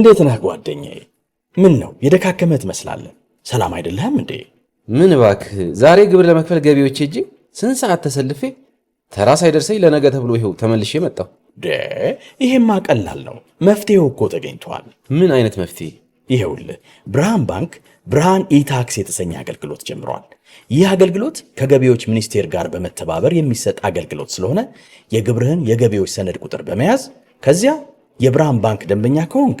እንዴት ነህ ጓደኛዬ? ምን ነው የደካከመ ትመስላለህ። ሰላም አይደለህም እንዴ? ምን እባክህ፣ ዛሬ ግብር ለመክፈል ገቢዎች እጅ ስንት ሰዓት ተሰልፌ ተራ ሳይደርሰኝ ለነገ ተብሎ ይሄው ተመልሼ መጣሁ። ይሄማ ቀላል ነው፣ መፍትሄው እኮ ተገኝቷል። ምን አይነት መፍትሄ? ይሄውልህ ብርሃን ባንክ ብርሃን ኢታክስ የተሰኘ አገልግሎት ጀምሯል። ይህ አገልግሎት ከገቢዎች ሚኒስቴር ጋር በመተባበር የሚሰጥ አገልግሎት ስለሆነ የግብርህን የገቢዎች ሰነድ ቁጥር በመያዝ ከዚያ የብርሃን ባንክ ደንበኛ ከሆንክ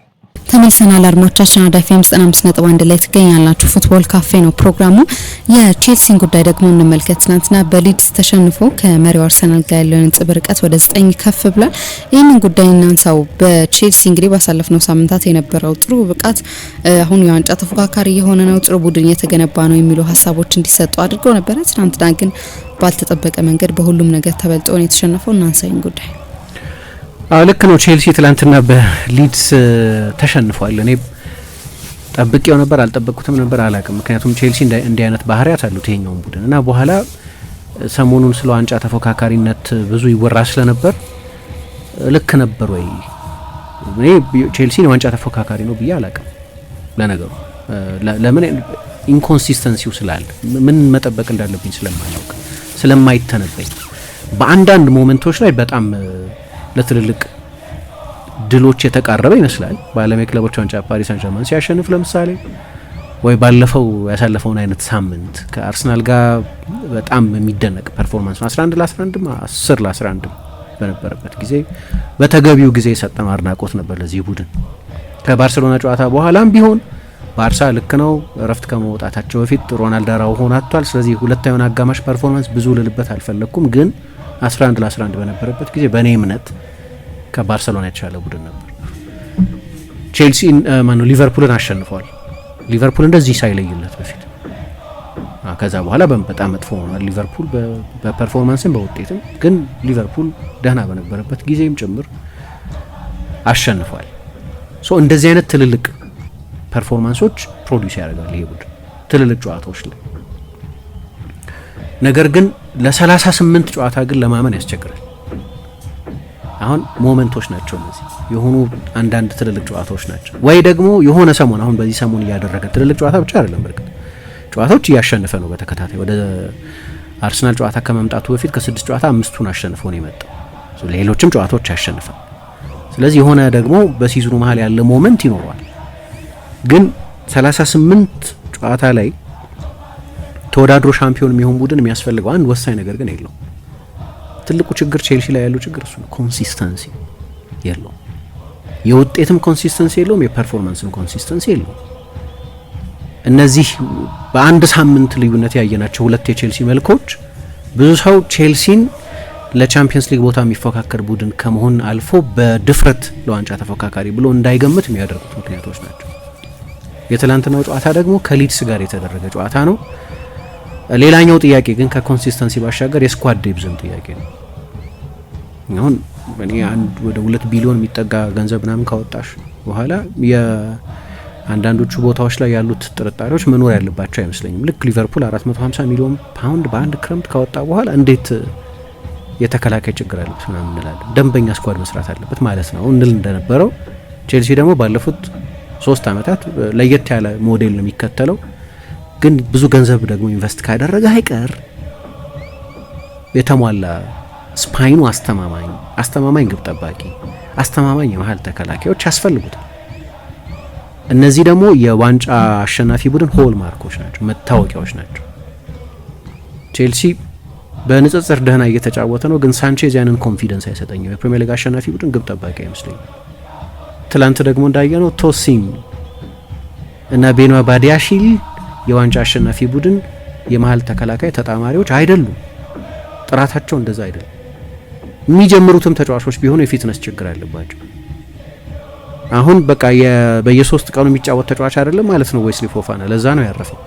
ተመልሰናል አድማጮቻችን፣ አራዳ ኤፍ ኤም አንድ ላይ ትገኛላችሁ። ፉትቦል ካፌ ነው ፕሮግራሙ። የቼልሲን ጉዳይ ደግሞ እንመልከት። ትናንትና በሊድስ ተሸንፎ ከመሪው አርሰናል ጋር ያለውን ንጽብ ርቀት ወደ ዘጠኝ ከፍ ብሏል። ይህንን ጉዳይ እናንሳው። በቼልሲ እንግዲህ ባሳለፍነው ሳምንታት የነበረው ጥሩ ብቃት አሁን የዋንጫ ተፎካካሪ የሆነ ነው፣ ጥሩ ቡድን እየተገነባ ነው የሚሉ ሀሳቦች እንዲሰጡ አድርገው ነበረ። ትናንትና ግን ባልተጠበቀ መንገድ በሁሉም ነገር ተበልጦ ነው የተሸነፈው። እናንሳይን ጉዳይ ልክ ነው። ቼልሲ ትላንትና በሊድስ ተሸንፏል። እኔ ጠብቄው ነበር አልጠበቅኩትም ነበር አላቅም። ምክንያቱም ቼልሲ እንዲህ አይነት ባህሪያት አሉት ይሄኛውን ቡድን እና በኋላ ሰሞኑን ስለ ዋንጫ ተፎካካሪነት ብዙ ይወራ ስለነበር ልክ ነበር ወይ? እኔ ቼልሲን የዋንጫ ተፎካካሪ ነው ብዬ አላቅም። ለነገሩ ለምን ኢንኮንሲስተንሲው ስላለ ምን መጠበቅ እንዳለብኝ ስለማያውቅ ስለማይተነበኝ በአንዳንድ ሞመንቶች ላይ በጣም ለትልልቅ ድሎች የተቃረበ ይመስላል። በዓለም የክለቦች ዋንጫ ፓሪስ ሳን ጀርማን ሲያሸንፍ ለምሳሌ ወይ ባለፈው ያሳለፈውን አይነት ሳምንት ከአርሰናል ጋር በጣም የሚደነቅ ፐርፎርማንስ ነው። 11 ለ11 10 ለ11 በነበረበት ጊዜ በተገቢው ጊዜ የሰጠን አድናቆት ነበር ለዚህ ቡድን። ከባርሴሎና ጨዋታ በኋላም ቢሆን ባርሳ ልክ ነው፣ እረፍት ከመውጣታቸው በፊት ሮናልድ አራውሆን አጥቷል። ስለዚህ ሁለተኛውን አጋማሽ ፐርፎርማንስ ብዙ ልልበት አልፈለግኩም ግን 11 ለ11 በነበረበት ጊዜ በእኔ እምነት ከባርሰሎና የተሻለ ቡድን ነበር። ቼልሲ ማነው ሊቨርፑልን አሸንፏል። ሊቨርፑል እንደዚህ ሳይለይለት በፊት ከዛ በኋላ በጣም መጥፎ ሆኗል ሊቨርፑል በፐርፎርማንስም በውጤትም። ግን ሊቨርፑል ደህና በነበረበት ጊዜም ጭምር አሸንፏል። ሶ እንደዚህ አይነት ትልልቅ ፐርፎርማንሶች ፕሮዲስ ያደርጋል ይሄ ቡድን ትልልቅ ጨዋታዎች ላይ ነገር ግን ለ38 ጨዋታ ግን ለማመን ያስቸግራል። አሁን ሞመንቶች ናቸው እነዚህ የሆኑ አንዳንድ ትልልቅ ጨዋታዎች ናቸው፣ ወይ ደግሞ የሆነ ሰሞን አሁን በዚህ ሰሞን እያደረገ ትልልቅ ጨዋታ ብቻ አይደለም፣ በርግጥ ጨዋታዎች እያሸነፈ ነው በተከታታይ ወደ አርሰናል ጨዋታ ከመምጣቱ በፊት ከስድስት ጨዋታ አምስቱን አሸንፎ ነው የመጣው። ሌሎችም ጨዋታዎች ያሸንፋል። ስለዚህ የሆነ ደግሞ በሲዝኑ መሀል ያለ ሞመንት ይኖረዋል። ግን 38 ጨዋታ ላይ ተወዳድሮ ሻምፒዮን የሚሆን ቡድን የሚያስፈልገው አንድ ወሳኝ ነገር ግን የለው። ትልቁ ችግር ቼልሲ ላይ ያለው ችግር እሱ ነው። ኮንሲስተንሲ የለው። የውጤትም ኮንሲስተንሲ የለውም። የፐርፎርማንስም ኮንሲስተንሲ የለውም። እነዚህ በአንድ ሳምንት ልዩነት ያየናቸው ሁለት የቼልሲ መልኮች ብዙ ሰው ቼልሲን ለቻምፒየንስ ሊግ ቦታ የሚፎካከር ቡድን ከመሆን አልፎ በድፍረት ለዋንጫ ተፎካካሪ ብሎ እንዳይገምት የሚያደርጉት ምክንያቶች ናቸው። የትላንትናው ጨዋታ ደግሞ ከሊድስ ጋር የተደረገ ጨዋታ ነው። ሌላኛው ጥያቄ ግን ከኮንሲስተንሲ ባሻገር የስኳድ ዴብዝም ጥያቄ ነው። አሁን እኔ አንድ ወደ ሁለት ቢሊዮን የሚጠጋ ገንዘብ ምናምን ካወጣሽ በኋላ የአንዳንዶቹ ቦታዎች ላይ ያሉት ጥርጣሬዎች መኖር ያለባቸው አይመስለኝም። ልክ ሊቨርፑል 450 ሚሊዮን ፓውንድ በአንድ ክረምት ካወጣ በኋላ እንዴት የተከላካይ ችግር አለበት ምናምን እንላለን። ደንበኛ ስኳድ መስራት አለበት ማለት ነው እንል እንደነበረው ቼልሲ ደግሞ ባለፉት ሶስት ዓመታት ለየት ያለ ሞዴል ነው የሚከተለው። ግን ብዙ ገንዘብ ደግሞ ኢንቨስት ካደረገ አይቀር የተሟላ ስፓይኑ አስተማማኝ አስተማማኝ ግብ ጠባቂ፣ አስተማማኝ የመሀል ተከላካዮች ያስፈልጉታል። እነዚህ ደግሞ የዋንጫ አሸናፊ ቡድን ሆል ማርኮች ናቸው፣ መታወቂያዎች ናቸው። ቼልሲ በንጽጽር ደህና እየተጫወተ ነው፣ ግን ሳንቼዝ ያንን ኮንፊደንስ አይሰጠኝም። የፕሪሚየር ሊግ አሸናፊ ቡድን ግብ ጠባቂ አይመስለኝም። ትላንት ደግሞ እንዳየነው ቶሲም እና ቤኗ ባዲያሺል የዋንጫ አሸናፊ ቡድን የመሀል ተከላካይ ተጣማሪዎች አይደሉም። ጥራታቸው እንደዛ አይደለም። የሚጀምሩትም ተጫዋቾች ቢሆኑ የፊትነስ ችግር አለባቸው። አሁን በቃ በየሶስት ቀኑ የሚጫወት ተጫዋች አይደለም ማለት ነው ዌስሊ ፎፋና። ለዛ ነው ያረፈው።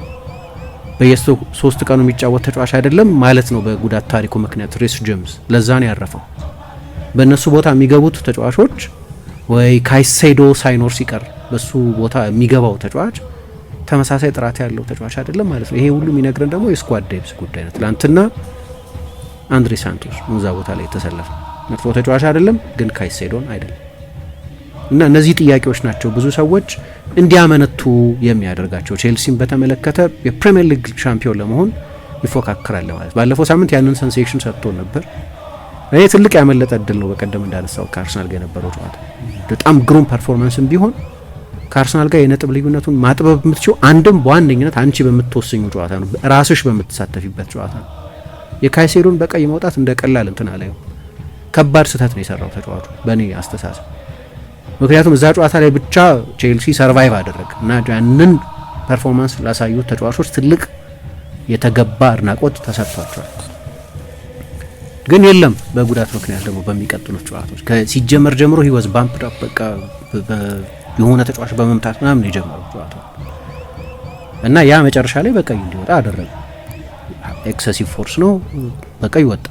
በየሶስት ቀኑ የሚጫወት ተጫዋች አይደለም ማለት ነው በጉዳት ታሪኩ ምክንያት ሪስ ጄምስ። ለዛ ነው ያረፈው። በእነሱ ቦታ የሚገቡት ተጫዋቾች ወይ ካይሴዶ ሳይኖር ሲቀር በሱ ቦታ የሚገባው ተጫዋች ተመሳሳይ ጥራት ያለው ተጫዋች አይደለም ማለት ነው። ይሄ ሁሉ የሚነግረን ደግሞ የስኳድ ዴፕዝ ጉዳይ ነው። ትላንትና አንድሬ ሳንቶስ ሙዛ ቦታ ላይ የተሰለፈ መጥፎ ተጫዋች አይደለም፣ ግን ካይሴዶን አይደለም እና እነዚህ ጥያቄዎች ናቸው ብዙ ሰዎች እንዲያመነቱ የሚያደርጋቸው። ቼልሲን በተመለከተ የፕሪሚየር ሊግ ሻምፒዮን ለመሆን ይፎካከራል ማለት ባለፈው ሳምንት ያንን ሰንሴሽን ሰጥቶ ነበር። እኔ ትልቅ ያመለጠ እድል ነው። በቀደም እንዳነሳው ከአርሰናል ጋር የነበረው ጨዋታ በጣም ግሩም ፐርፎርማንስም ቢሆን ከአርሰናል ጋር የነጥብ ልዩነቱን ማጥበብ የምትችው አንድም በዋነኝነት አንቺ በምትወስኙ ጨዋታ ነው፣ ራስሽ በምትሳተፊበት ጨዋታ ነው። የካይሴዶን በቀይ መውጣት እንደ ቀላል እንትን ከባድ ስህተት ነው የሰራው ተጫዋቹ በእኔ አስተሳሰብ። ምክንያቱም እዛ ጨዋታ ላይ ብቻ ቼልሲ ሰርቫይቭ አደረግ እና ያንን ፐርፎርማንስ ላሳዩት ተጫዋቾች ትልቅ የተገባ አድናቆት ተሰጥቷቸዋል። ግን የለም በጉዳት ምክንያት ደግሞ በሚቀጥሉት ጨዋታዎች ሲጀመር ጀምሮ ህይወት ባምፕ በቃ የሆነ ተጫዋች በመምታት ምናምን የጀመረው ጨዋታ እና ያ መጨረሻ ላይ በቀይ እንዲወጣ አደረገ። ኤክሰሲቭ ፎርስ ነው፣ በቀይ ወጣ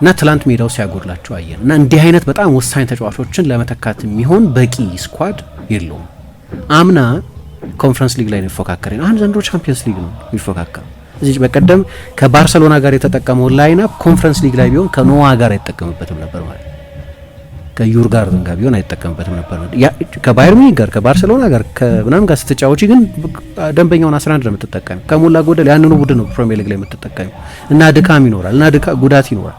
እና ትላንት ሜዳው ሲያጎድላቸው አየን እና እንዲህ አይነት በጣም ወሳኝ ተጫዋቾችን ለመተካት የሚሆን በቂ ስኳድ የለውም። አምና ኮንፈረንስ ሊግ ላይ ነው ይፎካከር አሁን ዘንድሮ ቻምፒየንስ ሊግ ነው የሚፎካከር። እዚህ በቀደም ከባርሰሎና ጋር የተጠቀመው ላይናፕ ኮንፈረንስ ሊግ ላይ ቢሆን ከኖዋ ጋር አይጠቀምበትም ነበር ማለት ነው። ከዩር ጋር ቢሆን አይጠቀምበትም ነበር። ከባየር ሚኒክ ጋር ከባርሴሎና ጋር ከምናም ጋር ስትጫወቺ ግን ደንበኛውን 11 ነው የምትጠቀሚ። ከሞላ ጎደል ያንኑ ቡድን ነው ፕሪሚየር ሊግ ላይ የምትጠቀሚ እና ድካም ይኖራል እና ድካ ጉዳት ይኖራል።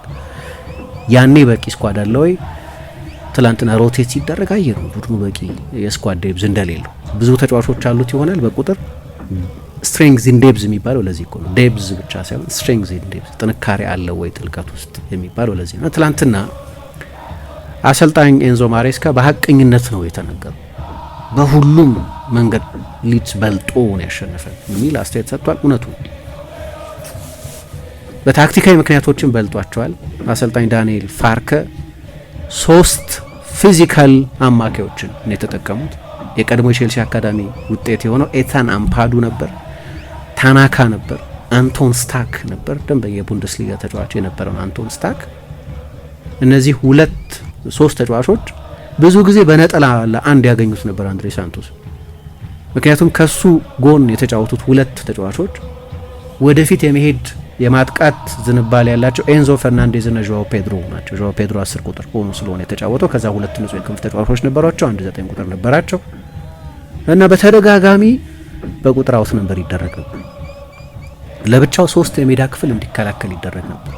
ያኔ በቂ ስኳድ አለ ወይ? ትላንትና ሮቴት ሲደረግ አየ ነው ቡድኑ በቂ የስኳድ ዴብዝ እንደሌለው ብዙ ተጫዋቾች አሉት ይሆናል በቁጥር ስትሬንግዝ ኢን ዴብዝ የሚባለው ለዚህ እኮ ነው። ዴብዝ ብቻ ሳይሆን ስትሬንግዝ ኢን ዴብዝ ጥንካሬ አለው ወይ ጥልቀት ውስጥ የሚባለው ለዚህ ነው። ትላንትና አሰልጣኝ ኤንዞ ማሬስካ በሀቀኝነት ነው የተነገረው። በሁሉም መንገድ ሊድስ በልጦ ነው ያሸነፈን የሚል አስተያየት ሰጥቷል። እውነቱ በታክቲካዊ ምክንያቶችን በልጧቸዋል። አሰልጣኝ ዳንኤል ፋርከ ሶስት ፊዚካል አማካዮችን ነው የተጠቀሙት። የቀድሞ ቼልሲ አካዳሚ ውጤት የሆነው ኤታን አምፓዱ ነበር፣ ታናካ ነበር፣ አንቶን ስታክ ነበር። ደንበኛ የቡንደስሊጋ ተጫዋች የነበረውን አንቶን ስታክ እነዚህ ሁለት ሶስት ተጫዋቾች ብዙ ጊዜ በነጠላ አንድ ያገኙት ነበር አንድሬ ሳንቶስ። ምክንያቱም ከሱ ጎን የተጫወቱት ሁለት ተጫዋቾች ወደፊት የመሄድ የማጥቃት ዝንባሌ ያላቸው ኤንዞ ፈርናንዴዝ እና ዣዋ ፔድሮ ናቸው። ዣዋ ፔድሮ አስር ቁጥር ሆኖ ስለሆነ የተጫወተው ከዛ ሁለት ንጹህ የክንፍ ተጫዋቾች ነበሯቸው። አንድ ዘጠኝ ቁጥር ነበራቸው እና በተደጋጋሚ በቁጥር አውት ነበር ይደረግ ነበር። ለብቻው ሶስት የሜዳ ክፍል እንዲከላከል ይደረግ ነበር።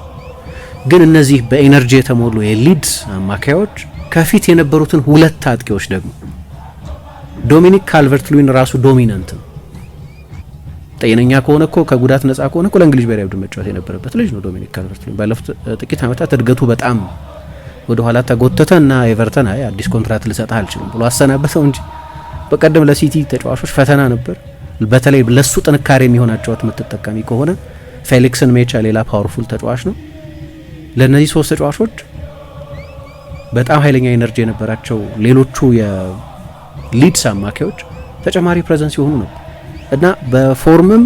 ግን እነዚህ በኤነርጂ የተሞሉ የሊድስ አማካዮች ከፊት የነበሩትን ሁለት አጥቂዎች ደግሞ ዶሚኒክ ካልቨርት ሉዊን ራሱ ዶሚናንት ነው። ጤነኛ ከሆነ እኮ ከጉዳት ነጻ ከሆነ እኮ ለእንግሊዝ ብሔራዊ ቡድን መጫወት የነበረበት ልጅ ነው ዶሚኒክ ካልቨርት ሉዊን። ባለፉት ጥቂት ዓመታት እድገቱ በጣም ወደ ኋላ ተጎተተ እና ኤቨርተን አይ አዲስ ኮንትራት ልሰጥህ አልችልም ብሎ አሰናበተው እንጂ በቀደም ለሲቲ ተጫዋቾች ፈተና ነበር። በተለይ ለሱ ጥንካሬ የሚሆናቸዋት የምትጠቀሚ ከሆነ ፌሊክስን ሜቻ ሌላ ፓወርፉል ተጫዋች ነው። ለእነዚህ ሶስት ተጫዋቾች በጣም ኃይለኛ ኤነርጂ የነበራቸው ሌሎቹ የሊድስ አማካዮች ተጨማሪ ፕሬዘንስ የሆኑ ነው እና በፎርምም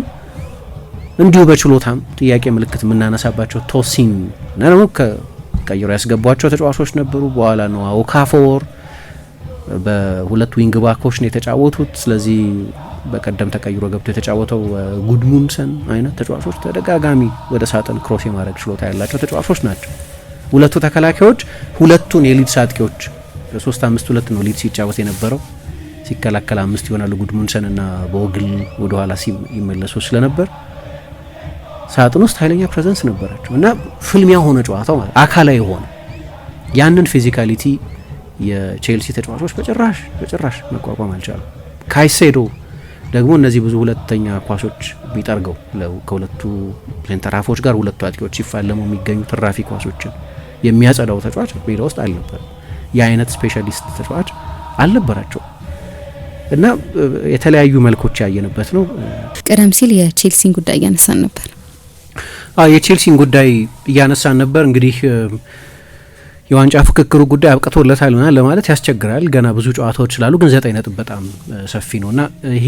እንዲሁ በችሎታም ጥያቄ ምልክት የምናነሳባቸው ቶሲን እና ደግሞ ቀይሮ ያስገቧቸው ተጫዋቾች ነበሩ። በኋላ ነው አውካፎር በሁለት ዊንግ ባኮች ነው የተጫወቱት። ስለዚህ በቀደም ተቀይሮ ገብቶ የተጫወተው ጉድሙንሰን አይነት ተጫዋቾች ተደጋጋሚ ወደ ሳጥን ክሮስ የማድረግ ችሎታ ያላቸው ተጫዋቾች ናቸው። ሁለቱ ተከላካዮች ሁለቱን የሊድስ አጥቂዎች በሶስት አምስት ሁለት ነው ሊድስ ሲጫወት የነበረው። ሲከላከል አምስት ይሆናሉ ጉድሙንሰን እና በወግል ወደኋላ ሲመለሱ ስለነበር ሳጥን ውስጥ ኃይለኛ ፕሬዘንስ ነበራቸው እና ፍልሚያ ሆነ ጨዋታው ማለት አካላዊ ሆነ። ያንን ፊዚካሊቲ የቼልሲ ተጫዋቾች በጭራሽ በጭራሽ መቋቋም አልቻሉም። ካይሴዶ ደግሞ እነዚህ ብዙ ሁለተኛ ኳሶች ቢጠርገው ከሁለቱ ሴንተራፎች ጋር ሁለቱ አጥቂዎች ሲፋለሙ የሚገኙ ትራፊ ኳሶችን የሚያጸዳው ተጫዋች ሜዳ ውስጥ አልነበር። የአይነት ስፔሻሊስት ተጫዋች አልነበራቸው እና የተለያዩ መልኮች ያየንበት ነው። ቀደም ሲል የቼልሲን ጉዳይ እያነሳን ነበር። የቼልሲን ጉዳይ እያነሳን ነበር እንግዲህ የዋንጫ ፍክክሩ ጉዳይ አብቅቶለታል ሆናል ለማለት ያስቸግራል። ገና ብዙ ጨዋታዎች ስላሉ፣ ግን ዘጠኝ ነጥብ በጣም ሰፊ ነው እና ይሄ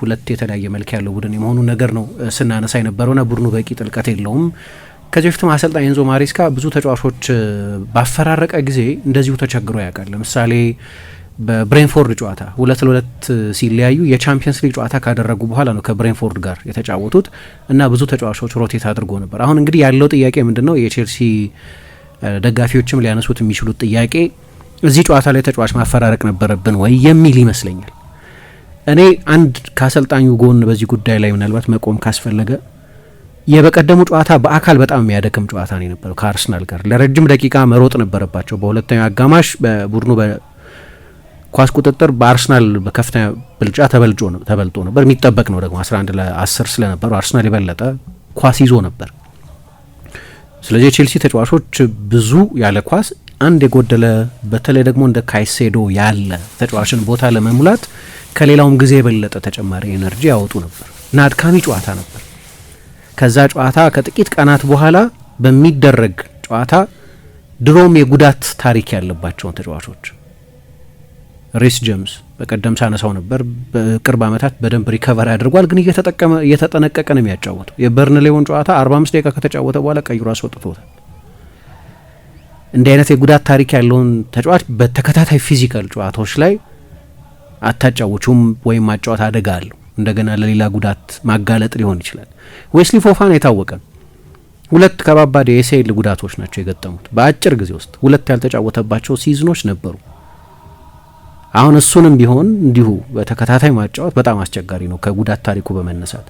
ሁለት የተለያየ መልክ ያለው ቡድን የመሆኑ ነገር ነው ስናነሳ የነበረውና ቡድኑ በቂ ጥልቀት የለውም። ከዚህ በፊትም አሰልጣኝ ኤንዞ ማሬስካ ብዙ ተጫዋቾች ባፈራረቀ ጊዜ እንደዚሁ ተቸግሮ ያውቃል። ለምሳሌ በብሬንፎርድ ጨዋታ ሁለት ለሁለት ሲለያዩ የቻምፒየንስ ሊግ ጨዋታ ካደረጉ በኋላ ነው ከብሬንፎርድ ጋር የተጫወቱት እና ብዙ ተጫዋቾች ሮቴት አድርጎ ነበር። አሁን እንግዲህ ያለው ጥያቄ ምንድን ነው የቼልሲ ደጋፊዎችም ሊያነሱት የሚችሉት ጥያቄ እዚህ ጨዋታ ላይ ተጫዋች ማፈራረቅ ነበረብን ወይ የሚል ይመስለኛል። እኔ አንድ ከአሰልጣኙ ጎን በዚህ ጉዳይ ላይ ምናልባት መቆም ካስፈለገ የበቀደሙ ጨዋታ በአካል በጣም የሚያደክም ጨዋታ ነው የነበረው። ከአርሰናል ጋር ለረጅም ደቂቃ መሮጥ ነበረባቸው። በሁለተኛው አጋማሽ በቡድኑ በኳስ ቁጥጥር በአርሰናል በከፍተኛ ብልጫ ተበልጦ ነበር። የሚጠበቅ ነው ደግሞ 11 ለ10 ስለነበሩ አርሰናል የበለጠ ኳስ ይዞ ነበር። ስለዚህ የቼልሲ ተጫዋቾች ብዙ ያለ ኳስ አንድ የጎደለ በተለይ ደግሞ እንደ ካይሴዶ ያለ ተጫዋችን ቦታ ለመሙላት ከሌላውም ጊዜ የበለጠ ተጨማሪ ኤነርጂ ያወጡ ነበር እና አድካሚ ጨዋታ ነበር። ከዛ ጨዋታ ከጥቂት ቀናት በኋላ በሚደረግ ጨዋታ ድሮም የጉዳት ታሪክ ያለባቸውን ተጫዋቾች ሪስ ጄምስ በቀደም ሳነሳው ነበር። በቅርብ ዓመታት በደንብ ሪከቨር አድርጓል ግን እየተጠቀመ እየተጠነቀቀ ነው የሚያጫወተው። የበርንሌውን ጨዋታ 45 ደቂቃ ከተጫወተ በኋላ ቀይሮ አስወጥቶታል። እንዲህ አይነት የጉዳት ታሪክ ያለውን ተጫዋች በተከታታይ ፊዚካል ጨዋታዎች ላይ አታጫውቹም ወይም ማጫወት አደጋ አለው። እንደገና ለሌላ ጉዳት ማጋለጥ ሊሆን ይችላል። ዌስሊ ፎፋን የታወቀ ሁለት ከባባድ የኤስኤል ጉዳቶች ናቸው የገጠሙት በአጭር ጊዜ ውስጥ ሁለት ያልተጫወተባቸው ሲዝኖች ነበሩ። አሁን እሱንም ቢሆን እንዲሁ በተከታታይ ማጫወት በጣም አስቸጋሪ ነው ከጉዳት ታሪኩ በመነሳት።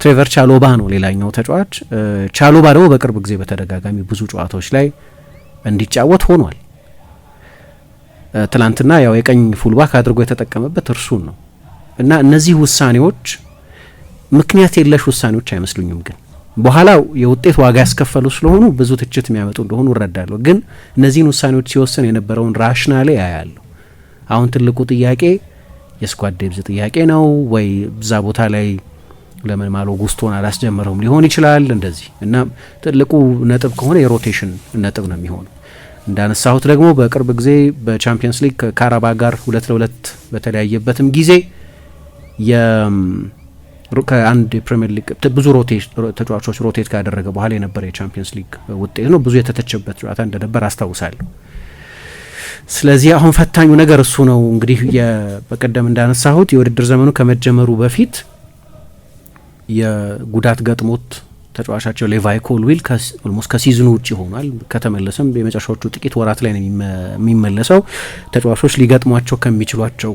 ትሬቨር ቻሎባ ነው ሌላኛው ተጫዋች። ቻሎባ ደግሞ በቅርብ ጊዜ በተደጋጋሚ ብዙ ጨዋታዎች ላይ እንዲጫወት ሆኗል። ትላንትና ያው የቀኝ ፉልባክ አድርጎ የተጠቀመበት እርሱን ነው እና እነዚህ ውሳኔዎች ምክንያት የለሽ ውሳኔዎች አይመስሉኝም። ግን በኋላው የውጤት ዋጋ ያስከፈሉ ስለሆኑ ብዙ ትችት የሚያመጡ እንደሆኑ እረዳለሁ። ግን እነዚህን ውሳኔዎች ሲወስን የነበረውን ራሽናሌ ያያለሁ። አሁን ትልቁ ጥያቄ የስኳድ ዴብዝ ጥያቄ ነው ወይ እዛ ቦታ ላይ ለምን ማሎ ጉስቶን አላስጀመረውም ሊሆን ይችላል እንደዚህ እና ትልቁ ነጥብ ከሆነ የሮቴሽን ነጥብ ነው የሚሆነው። እንዳነሳሁት ደግሞ በቅርብ ጊዜ በቻምፒየንስ ሊግ ከካራባ ጋር ሁለት ለሁለት በተለያየበትም ጊዜ ከአንድ የፕሪሚየር ሊግ ብዙ ተጫዋቾች ሮቴት ካደረገ በኋላ የነበረ የቻምፒየንስ ሊግ ውጤት ነው። ብዙ የተተቸበት ጨዋታ እንደነበር አስታውሳለሁ። ስለዚህ አሁን ፈታኙ ነገር እሱ ነው። እንግዲህ በቀደም እንዳነሳሁት የውድድር ዘመኑ ከመጀመሩ በፊት የጉዳት ገጥሞት ተጫዋቻቸው ሌቫይ ኮልዊል ኦልሞስት ከሲዝኑ ውጭ ሆኗል። ከተመለሰም የመጨረሻዎቹ ጥቂት ወራት ላይ ነው የሚመለሰው። ተጫዋቾች ሊገጥሟቸው ከሚችሏቸው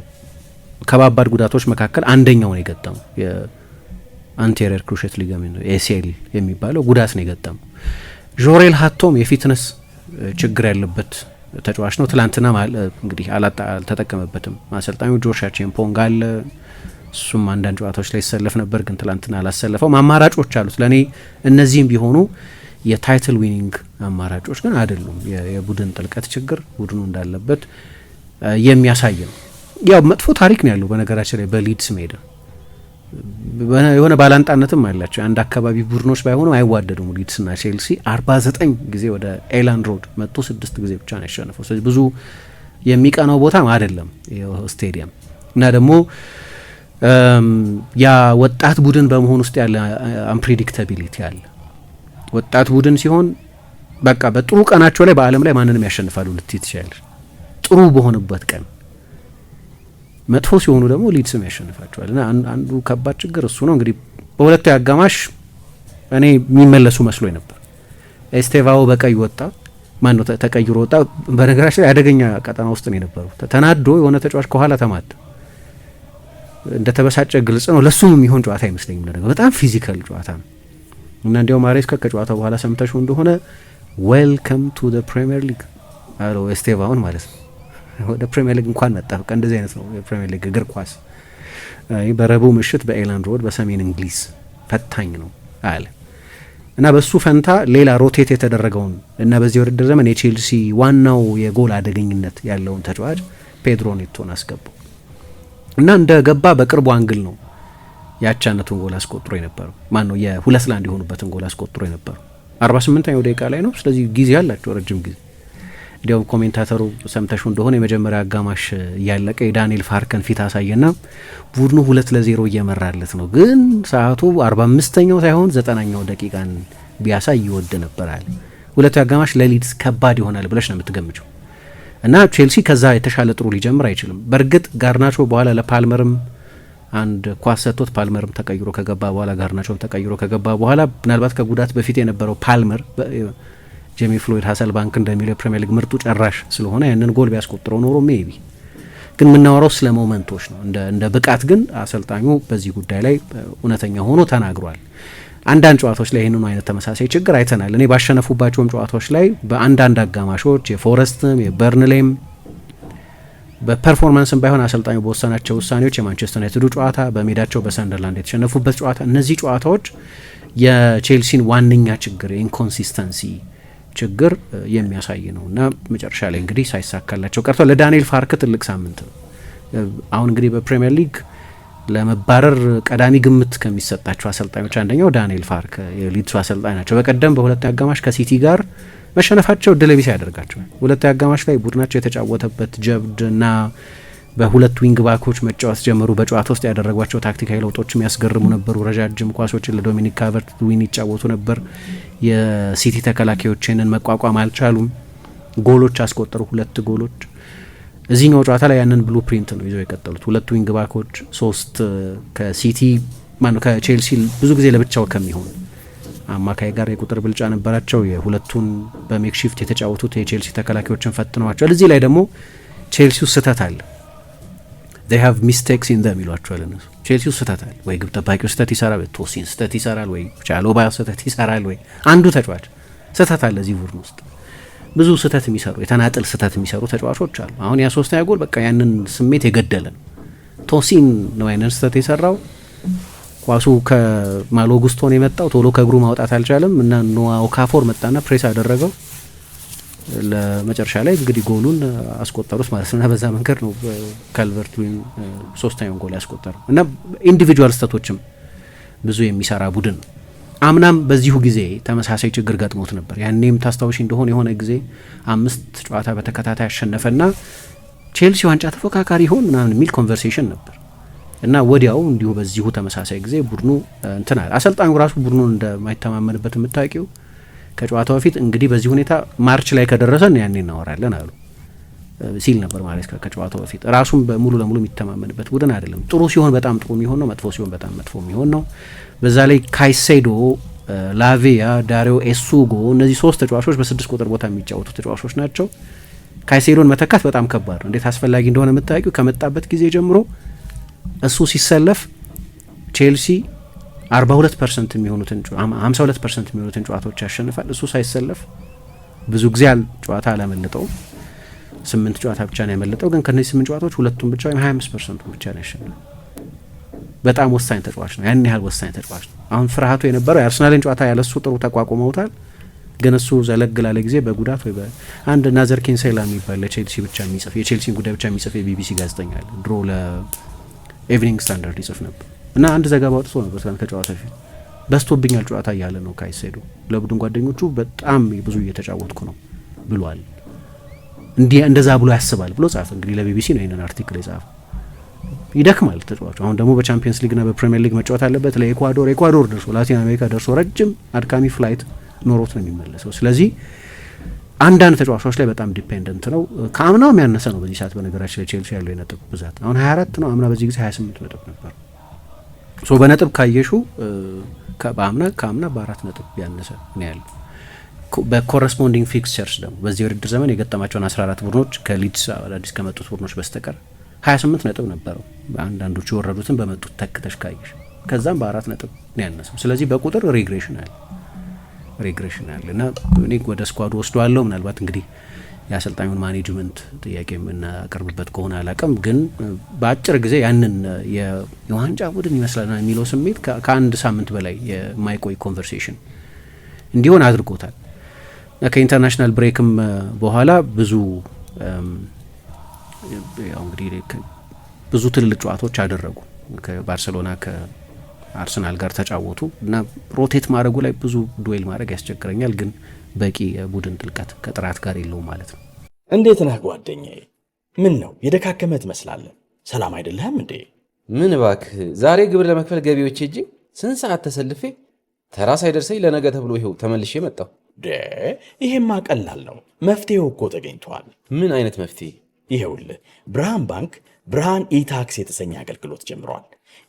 ከባባድ ጉዳቶች መካከል አንደኛው ነው የገጠመው። የአንቴሪየር ክሩሼት ሊጋመንት ኤሲኤል የሚባለው ጉዳት ነው የገጠመው። ጆሬል ሀቶም የፊትነስ ችግር ያለበት ተጫዋች ነው። ትላንትና እንግዲህ አልተጠቀመበትም አሰልጣኙ። ጆሻ አቼምፖንግ አለ እሱም አንዳንድ ጨዋታዎች ላይ ይሰለፍ ነበር፣ ግን ትላንትና አላሰለፈውም። አማራጮች አሉት። ለእኔ እነዚህም ቢሆኑ የታይትል ዊኒንግ አማራጮች ግን አይደሉም። የቡድን ጥልቀት ችግር ቡድኑ እንዳለበት የሚያሳይ ነው። ያው መጥፎ ታሪክ ነው ያለው በነገራችን ላይ በሊድስ ሜዳ የሆነ ባላንጣነትም አላቸው። አንድ አካባቢ ቡድኖች ባይሆኑም አይዋደዱም። ሊድስና ቼልሲ አርባ ዘጠኝ ጊዜ ወደ ኤላንድ ሮድ መጥቶ ስድስት ጊዜ ብቻ ነው ያሸነፈው። ስለዚህ ብዙ የሚቀናው ቦታም አይደለም ስቴዲየም እና ደግሞ ያ ወጣት ቡድን በመሆን ውስጥ ያለ አንፕሬዲክታቢሊቲ አለ። ወጣት ቡድን ሲሆን በቃ በጥሩ ቀናቸው ላይ በዓለም ላይ ማንንም ያሸንፋሉ ልትይ ትችላለች። ጥሩ በሆነበት ቀን መጥፎ ሲሆኑ ደግሞ ሊድስም ያሸንፋቸዋል እና አንዱ ከባድ ችግር እሱ ነው። እንግዲህ በሁለቱ አጋማሽ እኔ የሚመለሱ መስሎ ነበር። ኤስቴቫኦ በቀይ ወጣ፣ ማነው ተቀይሮ ወጣ። በነገራችን ላይ አደገኛ ቀጠና ውስጥ ነው የነበረው። ተናዶ የሆነ ተጫዋች ከኋላ ተማታ፣ እንደ ተበሳጨ ግልጽ ነው። ለሱም የሚሆን ጨዋታ አይመስለኝም። ለነገሩ በጣም ፊዚካል ጨዋታ ነው እና እንዲያውም ማሬስካ ከጨዋታ በኋላ ሰምተሽው እንደሆነ ዌልከም ቱ ፕሪምየር ሊግ አለው ኤስቴቫኦን ማለት ነው ወደ ፕሪሚየር ሊግ እንኳን መጣ። በቃ እንደዚህ አይነት ነው የፕሪሚየር ሊግ እግር ኳስ። በረቡዕ ምሽት በኤላንድ ሮድ በሰሜን እንግሊዝ ፈታኝ ነው አለ እና በሱ ፈንታ ሌላ ሮቴት የተደረገውን እና በዚህ ውድድር ዘመን የቼልሲ ዋናው የጎል አደገኝነት ያለውን ተጫዋች ፔድሮ ኔቶን አስገባው እና እንደ ገባ በቅርቡ አንግል ነው የአቻነቱን ጎል አስቆጥሮ የነበረው ማን ነው የሁለት ለአንድ የሆኑበትን ጎል አስቆጥሮ የነበረው 8 ኛው ደቂቃ ላይ ነው። ስለዚህ ጊዜ አላቸው ረጅም ጊዜ እንዲያው ኮሜንታተሩ ሰምተሹ እንደሆነ የመጀመሪያ አጋማሽ እያለቀ የዳንኤል ፋርከን ፊት አሳየና ቡድኑ ሁለት ለዜሮ እየመራለት ነው፣ ግን ሰዓቱ አርባ አምስተኛው ሳይሆን ዘጠናኛው ደቂቃን ቢያሳይ ይወድ ነበራል። ሁለቱ አጋማሽ ለሊድስ ከባድ ይሆናል ብለሽ ነው የምትገምቸው እና ቼልሲ ከዛ የተሻለ ጥሩ ሊጀምር አይችልም። በእርግጥ ጋርናቾ በኋላ ለፓልመርም አንድ ኳስ ሰጥቶት ፓልመርም ተቀይሮ ከገባ በኋላ ጋርናቾም ተቀይሮ ከገባ በኋላ ምናልባት ከጉዳት በፊት የነበረው ፓልመር ጄሚ ፍሎይድ ሀሰል ባንክ እንደሚለው የፕሪሚየር ሊግ ምርጡ ጨራሽ ስለሆነ ያንን ጎል ቢያስቆጥረው ኖሮ ሜቢ ግን የምናወራው ስለ ሞመንቶች ነው። እንደ ብቃት ግን አሰልጣኙ በዚህ ጉዳይ ላይ እውነተኛ ሆኖ ተናግሯል። አንዳንድ ጨዋታዎች ላይ ይህንኑ አይነት ተመሳሳይ ችግር አይተናል። እኔ ባሸነፉባቸውም ጨዋታዎች ላይ በአንዳንድ አጋማሾች የፎረስትም የበርንሌም በፐርፎርማንስም ባይሆን አሰልጣኙ በወሰናቸው ውሳኔዎች የማንቸስተር ዩናይትዱ ጨዋታ፣ በሜዳቸው በሰንደርላንድ የተሸነፉበት ጨዋታ፣ እነዚህ ጨዋታዎች የቼልሲን ዋነኛ ችግር የኢንኮንሲስተንሲ ችግር የሚያሳይ ነው እና መጨረሻ ላይ እንግዲህ ሳይሳካላቸው ቀርቶ ለዳንኤል ፋርክ ትልቅ ሳምንት ነው። አሁን እንግዲህ በፕሪምየር ሊግ ለመባረር ቀዳሚ ግምት ከሚሰጣቸው አሰልጣኞች አንደኛው ዳንኤል ፋርክ የሊድሱ አሰልጣኝ ናቸው። በቀደም በሁለተኛ አጋማሽ ከሲቲ ጋር መሸነፋቸው እድለቢስ ያደርጋቸዋል። ሁለተኛ አጋማሽ ላይ ቡድናቸው የተጫወተበት ጀብድ እና በሁለት ዊንግ ባኮች መጫወት ጀመሩ። በጨዋታ ውስጥ ያደረጓቸው ታክቲካዊ ለውጦች የሚያስገርሙ ነበሩ። ረጃጅም ኳሶችን ለዶሚኒክ ካቨርት ዊን ይጫወቱ ነበር። የሲቲ ተከላካዮችንን መቋቋም አልቻሉም። ጎሎች አስቆጠሩ፣ ሁለት ጎሎች። እዚህኛው ጨዋታ ላይ ያንን ብሉ ፕሪንት ነው ይዘው የቀጠሉት። ሁለት ዊንግ ባኮች ሶስት ከሲቲ ማነው ከቼልሲ ብዙ ጊዜ ለብቻው ከሚሆን አማካይ ጋር የቁጥር ብልጫ ነበራቸው። የሁለቱን በሜክሺፍት የተጫወቱት የቼልሲ ተከላካዮችን ፈትነዋቸዋል። እዚህ ላይ ደግሞ ቼልሲው ስህተት አለ። ሃቭ ሚስቴክስ ኢን ዘም ይሏቸዋል እነሱ። ቼልሲው ስህተት አለ ወይ ግብ ጠባቂው ስህተት ይሰራል፣ ቶሲን ስህተት ይሰራል፣ ወይ ቻሎባ ስህተት ይሰራል፣ ወይ አንዱ ተጫዋች ስህተት አለ። እዚህ ቡድን ውስጥ ብዙ ስህተት የሚሰሩ የተናጥል ስህተት የሚሰሩ ተጫዋቾች አሉ። አሁን ያ ሶስተኛ ጎል በቃ ያንን ስሜት የገደለ ነው። ቶሲን ነው ያንን ስህተት የሰራው። ኳሱ ከማሎጉስቶን የመጣው ቶሎ ከእግሩ ማውጣት አልቻለም እና ኖዋ ኦካፎር መጣና ፕሬስ አደረገው። ለመጨረሻ ላይ እንግዲህ ጎሉን አስቆጠሩት ማለት ነው በዛ መንገድ ነው ካልቨርት ወይም ሶስተኛውን ጎል ያስቆጠረው እና ኢንዲቪጁዋል ስተቶችም ብዙ የሚሰራ ቡድን አምናም በዚሁ ጊዜ ተመሳሳይ ችግር ገጥሞት ነበር። ያኔም ታስታውሽ እንደሆነ የሆነ ጊዜ አምስት ጨዋታ በተከታታይ ያሸነፈና ቼልሲ ዋንጫ ተፎካካሪ ይሆን ምናምን የሚል ኮንቨርሴሽን ነበር እና ወዲያው እንዲሁ በዚሁ ተመሳሳይ ጊዜ ቡድኑ እንትናል አሰልጣኙ ራሱ ቡድኑን እንደማይተማመንበት የምታውቂው ከጨዋታ በፊት እንግዲህ በዚህ ሁኔታ ማርች ላይ ከደረሰን ያኔ እናወራለን አሉ ሲል ነበር ማሬስካ ከጨዋታው በፊት። ራሱን በሙሉ ለሙሉ የሚተማመንበት ቡድን አይደለም። ጥሩ ሲሆን በጣም ጥሩ የሚሆን ነው፣ መጥፎ ሲሆን በጣም መጥፎ የሚሆን ነው። በዛ ላይ ካይሴዶ፣ ላቪያ፣ ዳሪዮ ኤሱጎ እነዚህ ሶስት ተጫዋቾች በስድስት ቁጥር ቦታ የሚጫወቱ ተጫዋቾች ናቸው። ካይሴዶን መተካት በጣም ከባድ ነው። እንዴት አስፈላጊ እንደሆነ የምታውቂው ከመጣበት ጊዜ ጀምሮ እሱ ሲሰለፍ ቼልሲ 42 ፐርሰንት የሚሆኑትን 52 ፐርሰንት የሚሆኑትን ጨዋታዎች ያሸንፋል። እሱ ሳይሰለፍ ብዙ ጊዜ ጨዋታ አላመለጠውም። ስምንት ጨዋታ ብቻ ነው ያመለጠው፣ ግን ከነዚህ ስምንት ጨዋታዎች ሁለቱም ብቻ ወይም 25 ፐርሰንቱ ብቻ ነው ያሸንፋል። በጣም ወሳኝ ተጫዋች ነው። ያን ያህል ወሳኝ ተጫዋች ነው። አሁን ፍርሃቱ የነበረው የአርሰናልን ጨዋታ ያለሱ ጥሩ ተቋቁመውታል፣ ግን እሱ ዘለግ ላለ ጊዜ በጉዳት ወይ አንድ ናዘር ኪንሴላ የሚባል ለቼልሲ ብቻ የሚጽፍ የቼልሲን ጉዳይ ብቻ የሚጽፍ የቢቢሲ ጋዜጠኛ አለ። ድሮ ለኤቭኒንግ ስታንዳርድ ይጽፍ ነበር እና አንድ ዘገባ አውጥቶ ነበር ትናንት ከጨዋታ ፊት በስቶብኛል ጨዋታ እያለ ነው ካይሴዶ ለቡድን ጓደኞቹ በጣም ብዙ እየተጫወትኩ ነው ብሏል። እንዲህ እንደዛ ብሎ ያስባል ብሎ ጻፈ። እንግዲህ ለቢቢሲ ነው ይህንን አርቲክል የጻፈ። ይደክማል ተጫዋቹ። አሁን ደግሞ በቻምፒየንስ ሊግና በፕሪሚየር ሊግ መጫወት አለበት። ለኤኳዶር ኤኳዶር ደርሶ ላቲን አሜሪካ ደርሶ ረጅም አድካሚ ፍላይት ኖሮት ነው የሚመለሰው። ስለዚህ አንዳንድ ተጫዋቾች ላይ በጣም ዲፔንደንት ነው። ከአምናውም ያነሰ ነው በዚህ ሰዓት በነገራችን ላይ ቼልሲ ያለው የነጥብ ብዛት አሁን 24 ነው። አምና በዚህ ጊዜ 28 ነጥብ ነበር። ሶ በነጥብ ካየሹ በአምና ከአምና በአራት ነጥብ ያነሰ ነው ያለው። በኮረስፖንዲንግ ፊክስቸርስ ደግሞ በዚህ የውድድር ዘመን የገጠማቸውን 14 ቡድኖች ከሊድስ አዳዲስ ከመጡት ቡድኖች በስተቀር 28 ነጥብ ነበረው። አንዳንዶቹ የወረዱትን በመጡት ተክተሽ ካየሽ ከዛም በአራት ነጥብ ነው ያነሰው። ስለዚህ በቁጥር ሬግሬሽን አለ ሬግሬሽን አለ እና እኔ ወደ ስኳዱ ወስደዋለሁ ምናልባት እንግዲህ የአሰልጣኙን ማኔጅመንት ጥያቄ የምናቀርብበት ከሆነ አላቅም ግን በአጭር ጊዜ ያንን የዋንጫ ቡድን ይመስለናል የሚለው ስሜት ከአንድ ሳምንት በላይ የማይቆይ ኮንቨርሴሽን እንዲሆን አድርጎታል። ከኢንተርናሽናል ብሬክም በኋላ ብዙ እንግዲህ ብዙ ትልልቅ ጨዋታዎች አደረጉ። ከባርሴሎና ከአርሰናል ጋር ተጫወቱ እና ሮቴት ማድረጉ ላይ ብዙ ዱዌል ማድረግ ያስቸግረኛል ግን በቂ የቡድን ጥልቀት ከጥራት ጋር የለውም ማለት ነው። እንዴት ነህ ጓደኛዬ? ምን ነው የደካከመ ትመስላለህ። ሰላም አይደለህም እንዴ? ምን እባክህ፣ ዛሬ ግብር ለመክፈል ገቢዎች እጅ ስንት ሰዓት ተሰልፌ ተራ ሳይደርሰኝ ለነገ ተብሎ ይሄው ተመልሼ መጣሁ። ይሄማ ቀላል ነው፣ መፍትሄው እኮ ተገኝቷል። ምን አይነት መፍትሄ? ይሄውልህ ብርሃን ባንክ ብርሃን ኢታክስ የተሰኘ አገልግሎት ጀምሯል።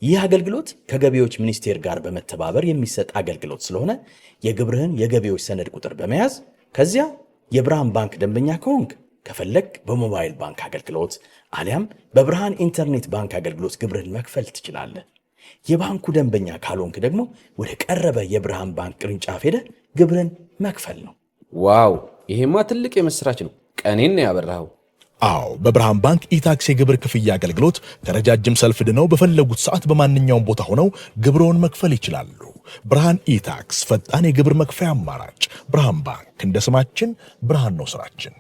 ይህ አገልግሎት ከገቢዎች ሚኒስቴር ጋር በመተባበር የሚሰጥ አገልግሎት ስለሆነ የግብርህን የገቢዎች ሰነድ ቁጥር በመያዝ ከዚያ የብርሃን ባንክ ደንበኛ ከሆንክ ከፈለግ በሞባይል ባንክ አገልግሎት አሊያም በብርሃን ኢንተርኔት ባንክ አገልግሎት ግብርህን መክፈል ትችላለህ። የባንኩ ደንበኛ ካልሆንክ ደግሞ ወደ ቀረበ የብርሃን ባንክ ቅርንጫፍ ሄደ ግብርን መክፈል ነው። ዋው! ይሄማ ትልቅ የምሥራች ነው። ቀኔን ነው ያበራኸው። አዎ በብርሃን ባንክ ኢታክስ የግብር ክፍያ አገልግሎት ከረጃጅም ሰልፍ ድነው በፈለጉት ሰዓት በማንኛውም ቦታ ሆነው ግብርዎን መክፈል ይችላሉ። ብርሃን ኢታክስ፣ ፈጣን የግብር መክፈያ አማራጭ። ብርሃን ባንክ፣ እንደ ስማችን ብርሃን ነው ስራችን።